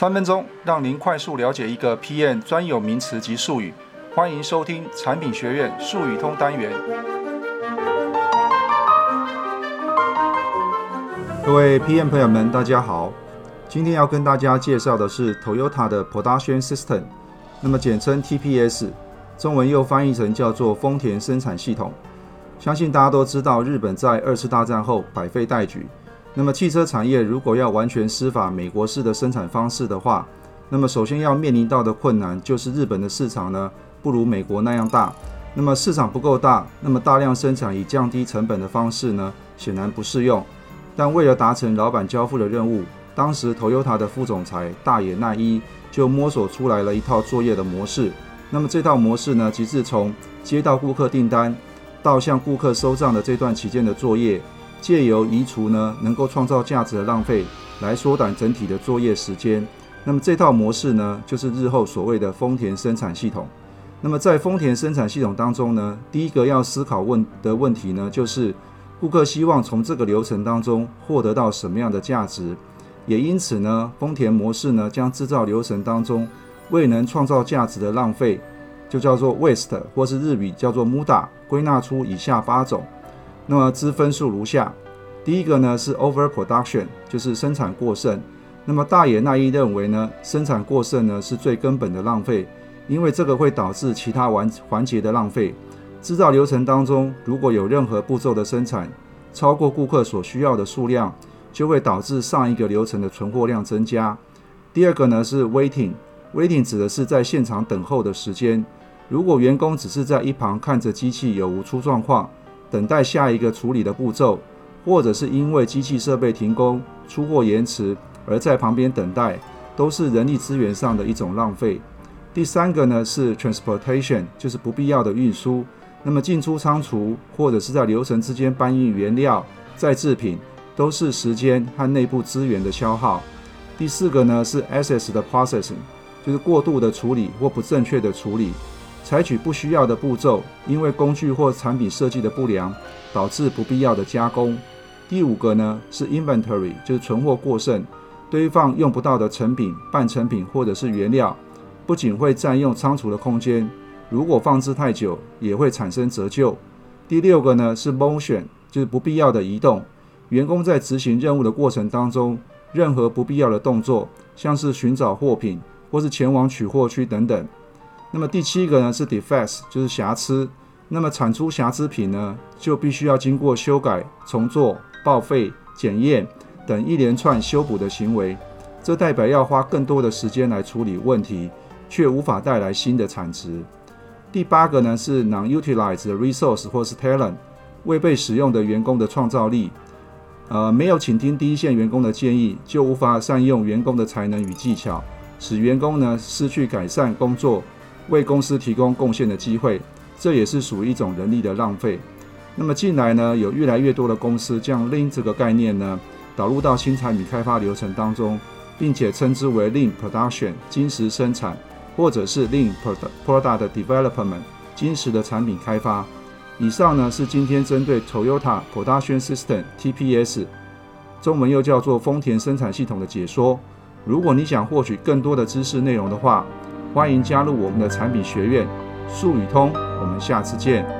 三分鐘讓您快速了解一個 PM 專有名詞及術語，歡迎收聽產品學院術語通單元。各位 PM 朋友們，大家好，今天要跟大家介紹的是 Toyota 的 Production System，那麼簡稱 TPS，中文又翻譯成叫做豐田生產系統。相信大家都知道，日本在二次大戰後百廢待舉。那麼汽車產業如果要完全師法美國式的生產方式的話，那麼首先要面臨到的困難就是日本的市場呢不如美國那樣大。那麼市場不夠大，那麼大量生產以降低成本的方式呢顯然不適用。但為了達成老板交付的任務，當時 Toyota 的副總裁大野耐一就摸索出來了一套作業的模式。那麼這套模式呢，即是從接到顧客訂單到向顧客收賬的這段期間的作業。借由移除呢能夠創造價值的浪費，來縮短整體的作業時間。那麼這套模式呢，就是日後所謂的豐田生產系統。那麼在豐田生產系統當中呢，第一個要思考問的問題呢，就是顧客希望從這個流程當中獲得到什麼樣的價值？也因此呢，豐田模式呢，將製造流程當中未能創造價值的浪費，就叫做 waste，或是日語叫做 muda，歸納出以下八種。那麼茲分述如下，第一個呢是 overproduction，就是生產過剩。那麼大野耐一認為呢，生產過剩呢是最根本的浪費，因為這個會導致其他環環節的浪費。製造流程當中如果有任何步驟的生產，超過顧客所需要的數量，就會導致上一個流程的存貨量增加。第二個呢是 waiting，waiting waiting 指的是在現場等候的時間。如果員工只是在一旁看着機器有無出狀況。等待下一個處理的步驟，或者是因為機器設備停工、出貨延遲而在旁邊等待，都是人力資源上的一種浪費。第三個呢是 transportation，就是不必要的運輸。那麼進出倉儲或者是在流程之間搬運原料、再制品，都是時間和內部資源的消耗。第四個呢是 excess 的 processing，就是過度的處理或不正確的處理。採取不需要的步驟，因為工具或產品設計的不良導致不必要的加工。第五個呢是 inventory，就是存貨過剩，堆放用不到的成品、半成品或者是原料，不僅會佔用倉儲的空間，如果放置太久也會產生折舊。第六個呢是 motion，就是不必要的移動。員工在執行任務的過程當中，任何不必要的動作，像是尋找貨品或是前往取貨區等等。那麼第七個呢是 defects，就是瑕疵。那麼產出瑕疵品呢，就必須要經過修改、重做、報廢、檢驗等一連串修補的行為。這代表要花更多的時間來處理問題，卻無法帶來新的產值。第八個呢是 non-utilized resource 或是 talent，未被使用的員工的創造力。呃，沒有傾聽第一線員工的建議，就無法善用員工的才能與技巧，使員工呢失去改善工作。為公司提供貢獻的機會，這也是屬於一種人力的浪費。那麼近來呢，有越來越多的公司將 Lean 這個概念呢，導入到新產品開發流程當中，並且稱之為 Lean Production（ 精實生產）或者是 Lean Product Development（ 精實的產品開發）。以上呢是今天針對 Toyota Production System（TPS） 中文又叫做豐田生產系統的解說。如果你想獲取更多的知識內容的話，歡迎加入我們的產品學院，術語通。我們下次見。